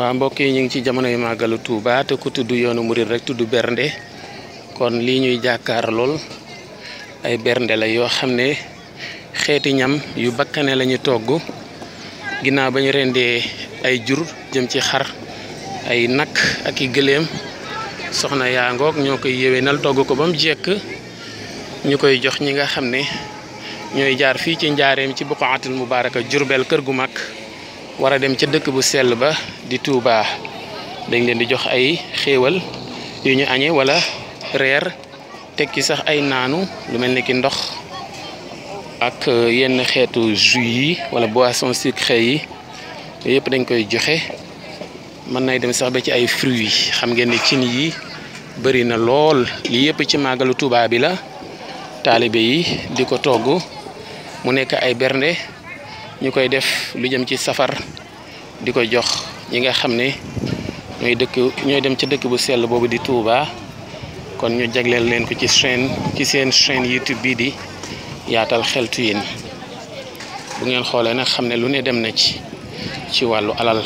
waaw mbokk yi ñu ngi ci jamono yu màggalu Touba te ku tudd yoonu murit rek tudd bernde kon lii ñuy jàkkaar lool ay bernde la yoo xam ne xeeti ñam yu bakkane lañu togg ginnaaw ba ñu rendee ay jur jëm ci xar ay nakk ak i gëléem soxna yaa ngoog ñoo koy yéwénal togg ko ba mu jekk ñu koy jox ñi nga xam ne ñooy jaar fii ci njaareem ci buqaatul mubaaraka Jurbel kër gu mag war a dem ca dëkk bu sell ba di Touba dañ leen di jox ay xéewal yu ñu añee wala reer tekki sax ay naanu lu mel ni ki ndox ak uh, yenn xeetu jus yi wala boisson sucrée yi yëpp dañ koy joxe mën nay dem sax ba ci ay fruits yi xam ngeen ne cin yi bëri na lool lii yëpp ci màggalu Touba bi la taalibe yi di ko togg mu nekk ay bernde ñu koy def lu jëm ci safar di ko jox ñi nga xam ne ñooy dëkk ñooy dem ca dëkk bu sell boobu di Touba kon ñu jagleel leen ko ci chaîne ci seen chaîne YouTube bii di yaatal xeltu yin bu ngeen xoolee nag xam ne lu ne dem na ci ci wàllu alal